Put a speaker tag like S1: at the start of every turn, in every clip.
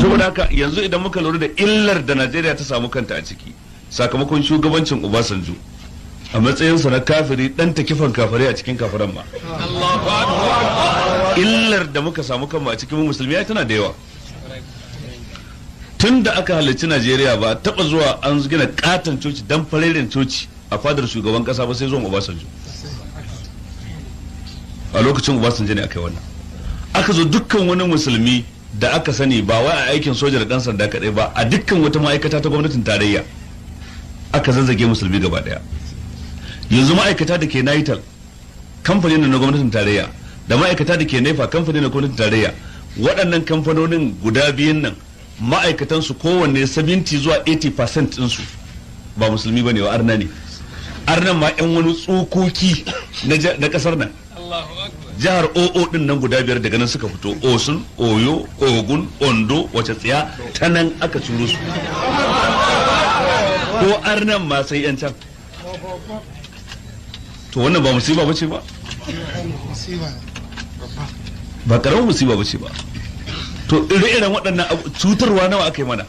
S1: saboda haka yanzu idan muka lura da illar da najeriya ta samu kanta a ciki sakamakon shugabancin obasanjo a matsayinsa na kafiri dan ta kifan kafare a cikin kafiran ma illar da muka samu kanmu a cikin musulmi ya tana da yawa tun da aka halarci najeriya ba taba zuwa an gina katon coci dan fareren coci a fadar shugaban kasa ba sai zuwan obasanjo a lokacin obasanjo ne aka yi wannan aka zo dukkan wani musulmi da aka sani ba wai a aikin soja da dan sanda kadai ba a dukkan wata ma'aikata ta gwamnatin tarayya aka zazzage musulmi gaba daya yanzu ma'aikata da ke naital kamfanin na gwamnatin tarayya da ma'aikata da ke nefa kamfanin na gwamnatin tarayya waɗannan kamfanonin guda biyun nan ma'aikatansu kowanne 70 zuwa 80% ɗinsu ba musulmi ba ne wa arna ne arnan ma 'yan wani tsokoki na ƙasar nan jihar oo din nan guda biyar daga nan suka fito osun oyo ogun ondo wace tsiya ta nan aka ciro su ko arnan ma sai yan can to wannan ba musiba ba ce ba ba karamin musiba bace ba to ire-iren waɗannan cutarwa nawa aka yi mana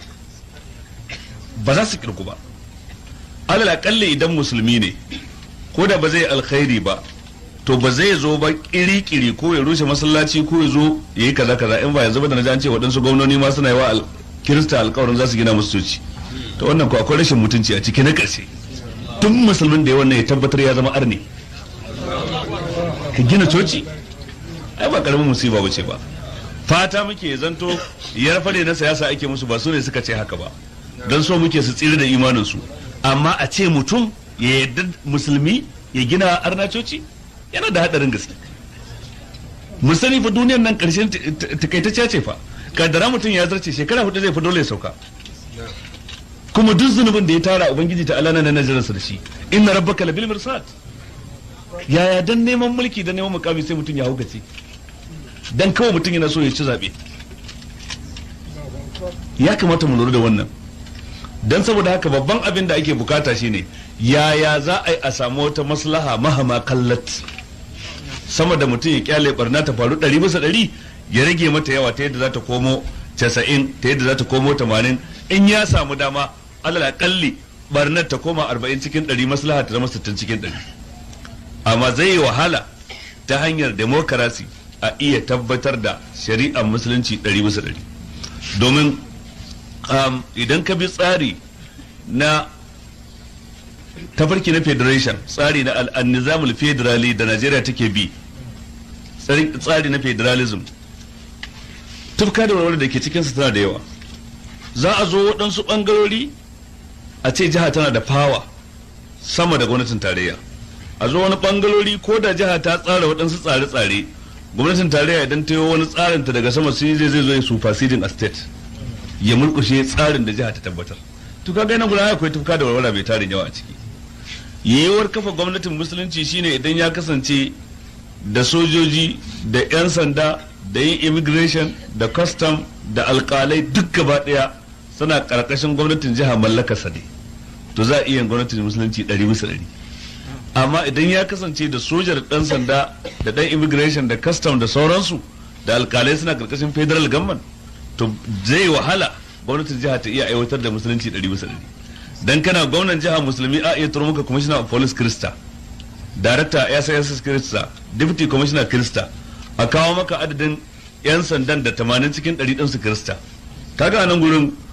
S1: ba za su kirku ba alal idan musulmi ne ko da ba zai alkhairi ba to ba zai zo ba kiri-kiri ko ya rushe masallaci ko ya zo ya yi kaza kaza in ba yanzu zaba da na ji an ce waɗansu gwamnoni ma suna yi wa kirista alkawarin za su gina musu coci Ta wannan ko akwai rashin mutunci a ciki na ƙarshe tun musulmin da ya wannan ya tabbatar ya zama arne ka gina coci ai ba karamin musiba ba ce ba fata muke zanto yar fare na siyasa ake musu ba su ne suka ce haka ba don so muke su tsira da imaninsu amma a ce mutum ya yarda musulmi ya gina arna coci yana da hadarin gaske mu sani fa duniyar nan karshen takaitacciya ce fa kadara mutum ya zarce shekara hudu zai fi dole ya sauka kuma duk zunubin da ya tara ubangiji ta alana na nazarinsa da shi inna rabbaka labil mirsad yaya dan neman mulki da neman mukami sai mutum ya hukace dan kawai mutum yana so ya ci zabe ya kamata mu lura da wannan dan saboda haka babban abin da ake bukata shine yaya za a yi a samu wata maslaha mahama kallat sama da mutum ya kyale barna ta faru ɗari bisa ɗari ya rage mata yawa ta yadda za ta komo casa'in ta yadda za ta komo tamanin in ya samu dama alal akalli barnar ta koma arba'in cikin ɗari maslaha ta zama sittin cikin ɗari amma zai yi wahala ta hanyar demokarasi a iya tabbatar da shari'ar musulunci ɗari bisa ɗari domin um, idan ka bi tsari na tafarki na federation tsari na al federali da Najeriya take bi tsari na federalism tufka da wani da ke cikin su tana da yawa za a zo waɗansu ɓangarori a ce jiha tana da fawa sama da gwamnatin tarayya a zo wani ɓangarori ko da jiha ta tsara waɗansu tsare-tsare gwamnatin tarayya idan ta yi wani tsarin ta daga sama sai zai zo ya superseding a state ya mulkushe tsarin da jiha ta tabbatar to kaga yana gudanar akwai tufka da walwala mai tarin yawa a ciki yewar kafa gwamnatin musulunci shine idan ya kasance da sojoji da 'yan sanda da yin immigration da custom da alkalai duk gaba daya suna karkashin gwamnatin jiha mallakarsa ne to za a iya gwamnatin musulunci dari. amma idan ya kasance da sojar dan sanda da dan immigration da custom da sauransu da alkalai suna karkashin federal government to zai wahala gwamnatin jiha ta iya aiwatar da musulunci dari. dan kana gwamnan jiha musulmi a iya turo maka commissioner of police krista director ss krista deputy commissioner krista a kawo maka adadin yan sandan da 80 cikin 100 ɗinsu krista kaga nan gurin